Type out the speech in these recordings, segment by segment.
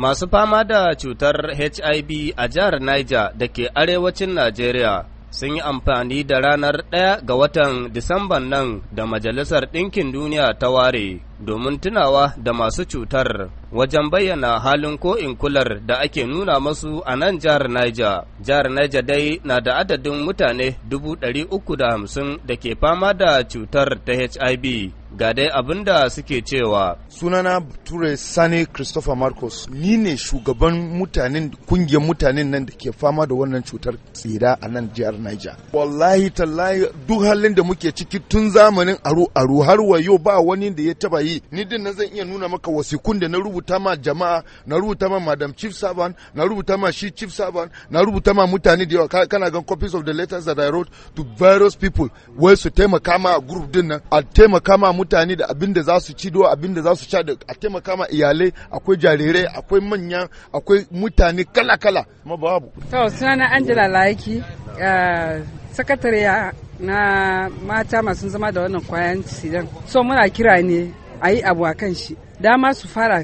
Masu fama da cutar HIV a jihar Niger da ke arewacin Najeriya sun yi amfani da ranar ɗaya ga watan Disamban nan da Majalisar Ɗinkin Duniya ta ware domin tunawa da masu cutar wajen bayyana halin ko'in kular da ake nuna masu a nan jihar Niger. Jihar Niger dai na da adadin mutane dubu uku da hamsin ke fama da cutar ta HIV. Ga dai abin da suke cewa. Sunana Ture Sani Christopher Marcos ni ne shugaban mutanen kungiyar mutanen nan da ke fama da wannan cutar tsira a nan jihar Niger. Wallahi tallahi duk halin da muke ciki tun zamanin aru aru har wayo ba wani da ya taba yi yi ni din nan zan iya nuna maka wasikun da na rubuta ma jama'a na rubuta ma madam chief servant na rubuta ma shi chief servant na rubuta ma mutane da yawa kana gan copies of the letters that I wrote to various people wai su taimaka ma group din nan a taimaka ma mutane da abin da za su ci do abin da za su sha da a taimaka ma iyalai akwai jarirai akwai manya akwai mutane kala kala ma babu to sunana Angela Laiki eh, sakatariya na mata masu zama da wannan kwayan sidan so muna kira ne a yi abu a kan shi dama su fara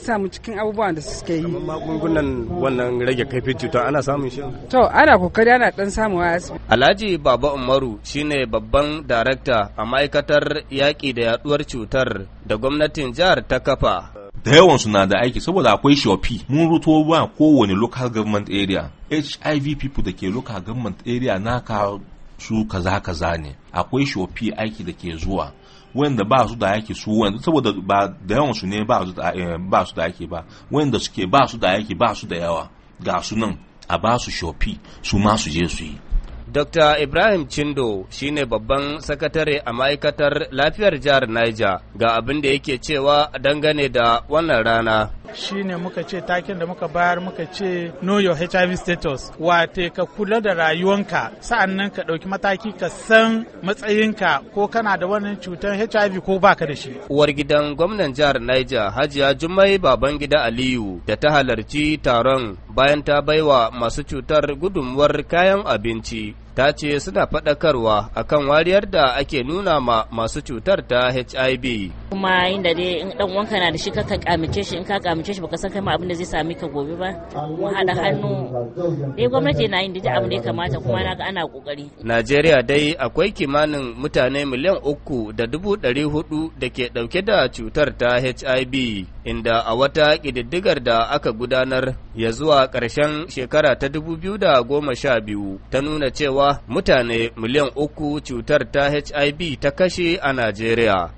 sa mu cikin abubuwan da suke yi magungunan wannan rage kaifin cuta ana samun shi to ana kokari ana dan a asibiti Alhaji Baba Umaru shine babban darakta a ma'aikatar yaƙi da yaduwar cutar da gwamnatin jihar ta kafa da yawan suna da aiki saboda akwai shopi mun ruto ba kowane local government area hiv people da ke local government area naka su kaza kaza ne akwai shopi aiki da ke zuwa wanda ba su da yaki su wanda saboda ba da yawan su ne ba su da yaki eh, ba wanda suke ba su da yake ba su da yawa ga su nan a ba su shofi su ma su je su yi Dr. Ibrahim Chindo shine babban sakatare a ma'aikatar lafiyar jihar Niger ga abin da yake cewa dangane da wannan rana. shine muka ce takin da muka bayar muka ce know your HIV status wate ka kula da rayuwanka sa'annan ka ɗauki mataki ka san matsayinka ko kana da wannan cutar HIV ko baka da shi. Uwar gidan gwamnan jihar Niger Hajiya Jummai Babangida Aliyu da ta halarci taron bayan ta baiwa masu cutar gudunmuwar kayan abinci ta ce suna faɗakarwa akan wariyar da ake nuna ma masu cutar ta hiv kuma inda dai in dan wanka na da shi ka kamice shi in ka kamice shi baka san kai ma abin da zai sami ka gobe ba mu hada hannu dai gwamnati na yin da abin da ya kamata kuma na ga ana kokari Najeriya dai akwai kimanin mutane miliyan uku da dubu ɗari hudu da ke ɗauke da cutar ta HIV inda a wata kididdigar da aka gudanar ya zuwa karshen shekara ta dubu biyu da goma sha biyu ta nuna cewa mutane miliyan uku cutar ta HIV ta kashe a Najeriya.